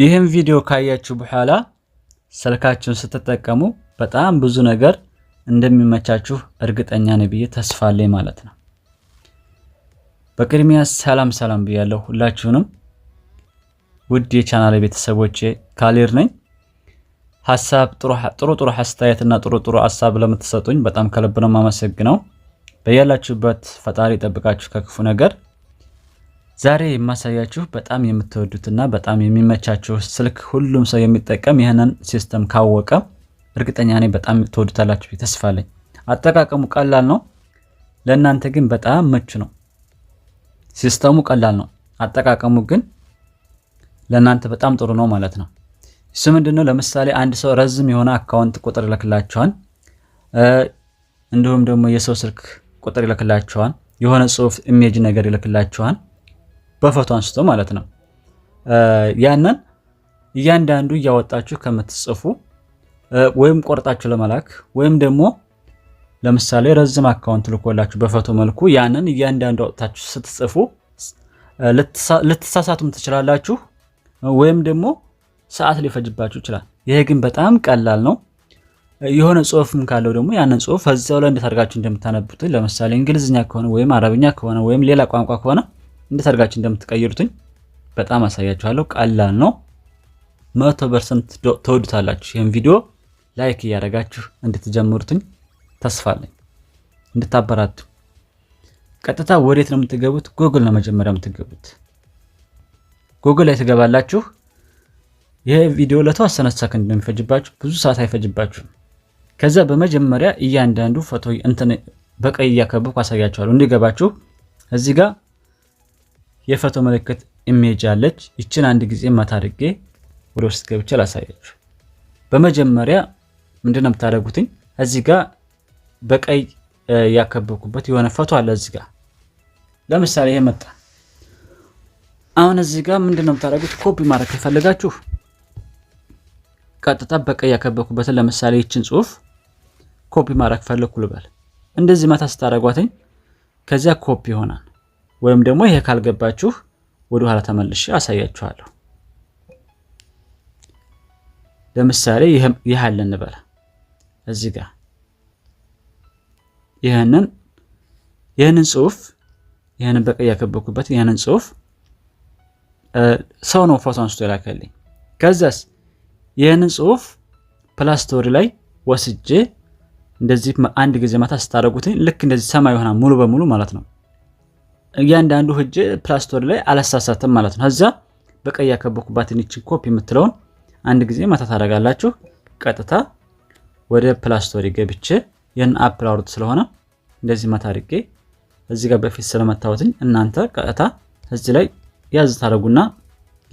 ይህም ቪዲዮ ካያችሁ በኋላ ስልካችሁን ስትጠቀሙ በጣም ብዙ ነገር እንደሚመቻችሁ እርግጠኛ ነኝ ብዬ ተስፋ ማለት ነው። በቅድሚያ ሰላም ሰላም ብያለሁ ሁላችሁንም ውድ የቻናል ቤተሰቦቼ ካሊር ነኝ። ሀሳብ ጥሩ ጥሩ አስተያየትና ጥሩ ጥሩ ሀሳብ ለምትሰጡኝ በጣም ከልብ ነው የማመሰግነው። በያላችሁበት ፈጣሪ ጠብቃችሁ ከክፉ ነገር ዛሬ የማሳያችሁ በጣም የምትወዱትና በጣም የሚመቻችሁ ስልክ ሁሉም ሰው የሚጠቀም ይህንን ሲስተም ካወቀ እርግጠኛ ነኝ በጣም ትወዱታላችሁ ተስፋለኝ። አጠቃቀሙ ቀላል ነው፣ ለእናንተ ግን በጣም ምቹ ነው። ሲስተሙ ቀላል ነው፣ አጠቃቀሙ ግን ለእናንተ በጣም ጥሩ ነው ማለት ነው። እሱ ምንድነው? ለምሳሌ አንድ ሰው ረዝም የሆነ አካውንት ቁጥር ይልክላችኋል። እንዲሁም ደግሞ የሰው ስልክ ቁጥር ይልክላችኋል። የሆነ ጽሁፍ ኢሜጅ ነገር ይልክላችኋል። በፎቶ አንስቶ ማለት ነው። ያንን እያንዳንዱ እያወጣችሁ ከምትጽፉ ወይም ቆርጣችሁ ለመላክ ወይም ደግሞ ለምሳሌ ረዝም አካውንት ልኮላችሁ በፎቶ መልኩ ያንን እያንዳንዱ አውጥታችሁ ስትጽፉ ልትሳሳቱም ትችላላችሁ፣ ወይም ደግሞ ሰዓት ሊፈጅባችሁ ይችላል። ይሄ ግን በጣም ቀላል ነው። የሆነ ጽሁፍም ካለው ደግሞ ያንን ጽሁፍ እዚያው ላይ እንዴት አድርጋችሁ እንደምታነቡት ለምሳሌ እንግሊዝኛ ከሆነ ወይም አረብኛ ከሆነ ወይም ሌላ ቋንቋ ከሆነ እንደ ሰርጋችን እንደምትቀይሩትኝ በጣም አሳያችኋለሁ። ቀላል ነው። መቶ ፐርሰንት ተወዱታላችሁ። ይህም ቪዲዮ ላይክ እያደረጋችሁ እንድትጀምሩትኝ ተስፋ አለኝ። እንድታበራቱ ቀጥታ ወዴት ነው የምትገቡት? ጎግል ነው መጀመሪያ የምትገቡት። ጎግል ላይ ትገባላችሁ። ይህ ቪዲዮ ለተወሰነ ሰከንድ ነው የሚፈጅባችሁ፣ ብዙ ሰዓት አይፈጅባችሁም። ከዛ በመጀመሪያ እያንዳንዱ ፎቶ እንትን በቀይ እያከበብኩ አሳያችኋለሁ እንዲገባችሁ። እዚህ ጋር የፎቶ ምልክት ኢሜጅ አለች። ይችን አንድ ጊዜ ማታድርጌ ወደ ውስጥ ገብቼ ላሳያችሁ። በመጀመሪያ ምንድነው ነው የምታደርጉትኝ? እዚህ ጋር በቀይ ያከበኩበት የሆነ ፎቶ አለ። እዚህ ጋር ለምሳሌ ይሄ መጣ። አሁን እዚህ ጋር ምንድነው ነው የምታደርጉት? ኮፒ ማድረግ ከፈለጋችሁ ቀጥታ በቀይ ያከበኩበት ለምሳሌ ይችን ጽሁፍ ኮፒ ማድረግ ፈለግኩ ልበል። እንደዚህ መታ ስታደርጓትኝ ከዚያ ኮፒ ይሆናል። ወይም ደግሞ ይሄ ካልገባችሁ ወደ ኋላ ተመልሼ አሳያችኋለሁ። ለምሳሌ ይህ አለ እንበል እዚህ ጋር ይህንን ይህንን ጽሁፍ ይህንን በቀይ ያከበኩበት ይህንን ጽሁፍ ሰው ነው ፎቶ አንስቶ የላከልኝ። ከዛስ ይህንን ጽሁፍ ፕላስ ስቶሪ ላይ ወስጄ እንደዚህ አንድ ጊዜ ማታ ስታደረጉትኝ ልክ እንደዚህ ሰማይ ይሆናል ሙሉ በሙሉ ማለት ነው። እያንዳንዱ ህጅ ፕላስቶር ላይ አላሳሳትም ማለት ነው። ከዛ በቀይ ያከበኩባትን ይችን ኮፒ የምትለውን አንድ ጊዜ መታ ታደርጋላችሁ። ቀጥታ ወደ ፕላስቶሪ ገብቼ ይህን አፕ ላውርድ ስለሆነ እንደዚህ መታ አድርጌ እዚህ ጋር በፊት ስለመታወትኝ እናንተ ቀጥታ እዚህ ላይ ያዝ ታደርጉና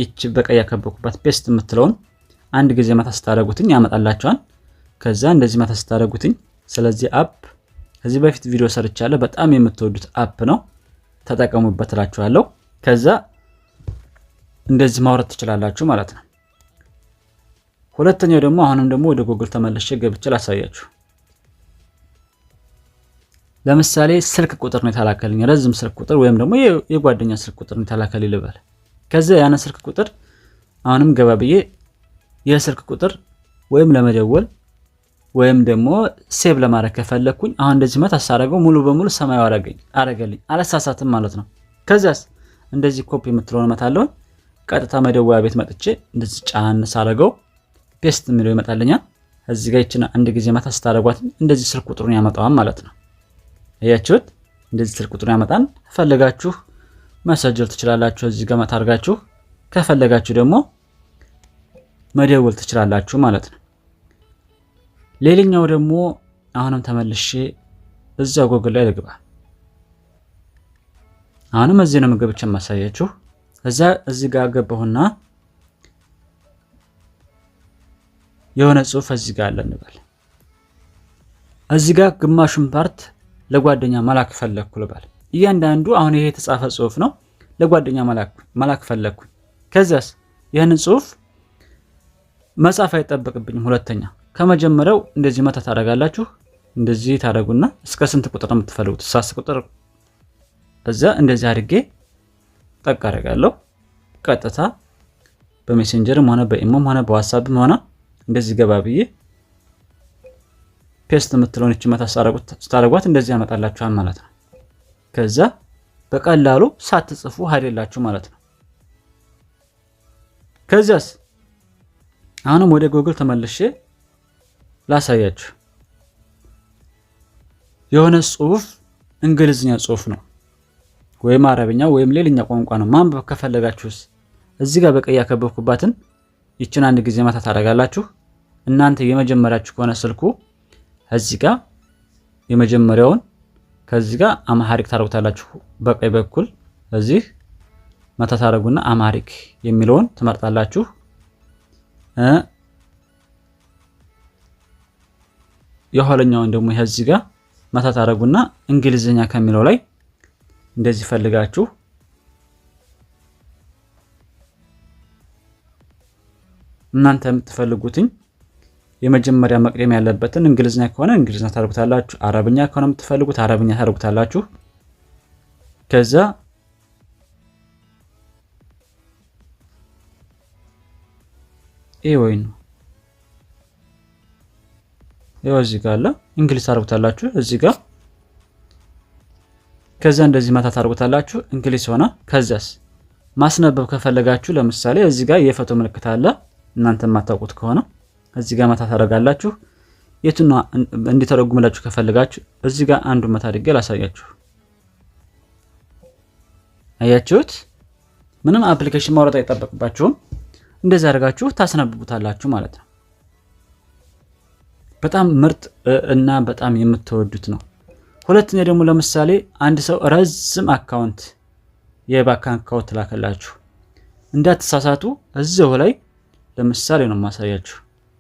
ይች በቀይ ያከበኩባት ፔስት የምትለውን አንድ ጊዜ መታ ስታደርጉትኝ ያመጣላቸዋል። ከዛ እንደዚህ መታ ስታደርጉትኝ ስለዚህ አፕ ከዚህ በፊት ቪዲዮ ሰርቻለሁ። በጣም የምትወዱት አፕ ነው። ተጠቀሙበት እላችኋለሁ። ከዛ እንደዚህ ማውረድ ትችላላችሁ ማለት ነው። ሁለተኛው ደግሞ አሁንም ደግሞ ወደ ጉግል ተመልሼ ገብቼ ላሳያችሁ። ለምሳሌ ስልክ ቁጥር ነው የተላከልኝ፣ ረዝም ስልክ ቁጥር ወይም ደግሞ የጓደኛ ስልክ ቁጥር ነው የተላከልኝ ልበል። ከዚያ ያነ ስልክ ቁጥር አሁንም ገባ ብዬ የስልክ ቁጥር ወይም ለመደወል ወይም ደግሞ ሴቭ ለማድረግ ከፈለግኩኝ አሁን እንደዚህ መት አሳረገው ሙሉ በሙሉ ሰማያዊ አረገኝ አረገልኝ አለሳሳትም ማለት ነው። ከዚያስ እንደዚህ ኮፒ የምትለውን መታለሁኝ። ቀጥታ መደወያ ቤት መጥቼ እንደዚህ ጫን ሳረገው ፔስት የሚለው ይመጣልኛል። እዚህ ጋር ይችን አንድ ጊዜ መታ ስታደረጓት እንደዚህ ስልክ ቁጥሩን ያመጣዋል ማለት ነው። እያችሁት እንደዚህ ስልክ ቁጥሩን ያመጣን። ፈለጋችሁ መሰጀር ትችላላችሁ። እዚህ ጋር መታ አድርጋችሁ ከፈለጋችሁ ደግሞ መደወል ትችላላችሁ ማለት ነው። ሌላኛው ደግሞ አሁንም ተመልሼ እዛ ጎግል ላይ ልግባ። አሁንም እዚህ ነው ምግብ ብቻ የማሳያችሁ። እዛ እዚህ ጋር ገባሁና የሆነ ጽሁፍ እዚህ ጋር አለ እንበል። እዚህ ጋር ግማሹን ፓርት ለጓደኛ መላክ ፈለግኩ ልበል። እያንዳንዱ አሁን ይሄ የተጻፈ ጽሁፍ ነው። ለጓደኛ መላክ ፈለግኩኝ። ከዚያስ ይህንን ጽሁፍ መጻፍ አይጠበቅብኝም ሁለተኛ ከመጀመሪያው እንደዚህ መታ ታደርጋላችሁ። እንደዚህ ታደርጉና እስከ ስንት ቁጥር ነው የምትፈልጉት? ሳስ ቁጥር እዛ እንደዚህ አድርጌ ጠቅ አደርጋለሁ። ቀጥታ በሜሴንጀርም ሆነ በኢሞም ሆነ በዋትሳፕም ሆነ እንደዚህ ገባ ብዬ ፔስት የምትለውን እች መታ ስታደርጓት እንደዚህ ያመጣላችኋል ማለት ነው። ከዛ በቀላሉ ሳትጽፉ አይደላችሁ ማለት ነው። ከዚያስ አሁንም ወደ ጎግል ተመልሼ ላሳያችሁ። የሆነ ጽሁፍ እንግሊዝኛ ጽሁፍ ነው ወይም አረብኛ ወይም ሌላኛ ቋንቋ ነው። ማንበብ ከፈለጋችሁስ እዚህ ጋር በቀይ ያከበብኩባትን ይችን አንድ ጊዜ ማታ ታደርጋላችሁ። እናንተ የመጀመሪያችሁ ከሆነ ስልኩ እዚህ ጋር የመጀመሪያውን ከዚህ ጋር አማሃሪክ ታደርጉታላችሁ። በቀኝ በኩል እዚህ መታ ታደርጉና አማሪክ የሚለውን ትመርጣላችሁ። የኋለኛውን ደግሞ ይሄ እዚህ ጋር መታ አረጉና እንግሊዝኛ ከሚለው ላይ እንደዚህ ፈልጋችሁ እናንተ የምትፈልጉትኝ የመጀመሪያ መቅደም ያለበትን እንግሊዝኛ ከሆነ እንግሊዝኛ ታደርጉታላችሁ። አረብኛ ከሆነ የምትፈልጉት አረብኛ ታደርጉታላችሁ። ከዛ ይህ ወይ ነው። ያው እዚህ ጋር አለ እንግሊዝ ታደርጉታላችሁ እዚህ ጋር ከዛ እንደዚህ መታ ታደርጉታላችሁ እንግሊዝ ሆነ። ከዛስ ማስነበብ ከፈለጋችሁ ለምሳሌ እዚህ ጋር የፈቶ ምልክት አለ እናንተ የማታውቁት ከሆነ እዚህ ጋር መታ ታደርጋላችሁ። የቱን እንዲተረጉምላችሁ ከፈለጋችሁ እዚህ ጋር አንዱ መታ አድርጌ ላሳያችሁ። አያችሁት? ምንም አፕሊኬሽን ማውረጥ አይጠበቅባችሁም። እንደዚህ አድርጋችሁ ታስነብቡታላችሁ ማለት ነው። በጣም ምርጥ እና በጣም የምትወዱት ነው። ሁለተኛ ደግሞ ለምሳሌ አንድ ሰው ረዝም አካውንት የባንክ አካውንት ላከላችሁ፣ እንዳትሳሳቱ እዚሁ ላይ ለምሳሌ ነው ማሳያችሁ።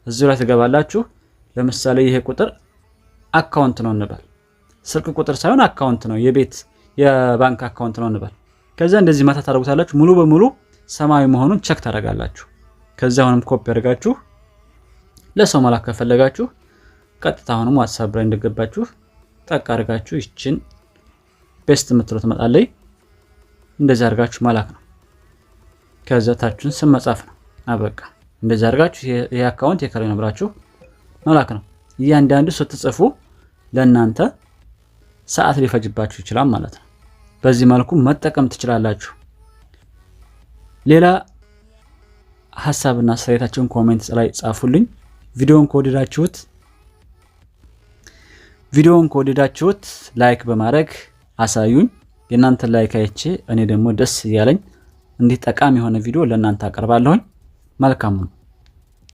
እዚሁ ላይ ትገባላችሁ። ለምሳሌ ይሄ ቁጥር አካውንት ነው እንበል፣ ስልክ ቁጥር ሳይሆን አካውንት ነው፣ የቤት የባንክ አካውንት ነው እንበል። ከዛ እንደዚህ ማታ ታደርጉታላችሁ። ሙሉ በሙሉ ሰማያዊ መሆኑን ቸክ ታደርጋላችሁ። ከዚ አሁንም ኮፒ ያደርጋችሁ ለሰው መላክ ከፈለጋችሁ ቀጥታ አሁንም ዋትሳፕ ላይ እንደገባችሁ ጠቅ አድርጋችሁ ይችን ቤስት የምትለው ትመጣለይ። እንደዚህ አድርጋችሁ መላክ ነው። ከዛ ታችሁን ስም መጻፍ ነው። አበቃ። እንደዚህ አድርጋችሁ ይህ አካውንት የከላይ ነው ብላችሁ መላክ ነው። እያንዳንዱ ስትጽፉ ለእናንተ ሰዓት ሊፈጅባችሁ ይችላል ማለት ነው። በዚህ መልኩ መጠቀም ትችላላችሁ። ሌላ ሀሳብና አስተያየታችሁን ኮሜንት ላይ ጻፉልኝ። ቪዲዮን ከወደዳችሁት ቪዲዮውን ከወደዳችሁት ላይክ በማድረግ አሳዩኝ። የእናንተ ላይክ አይቼ እኔ ደግሞ ደስ እያለኝ እንዲህ ጠቃሚ የሆነ ቪዲዮ ለእናንተ አቀርባለሁኝ። መልካም ነው።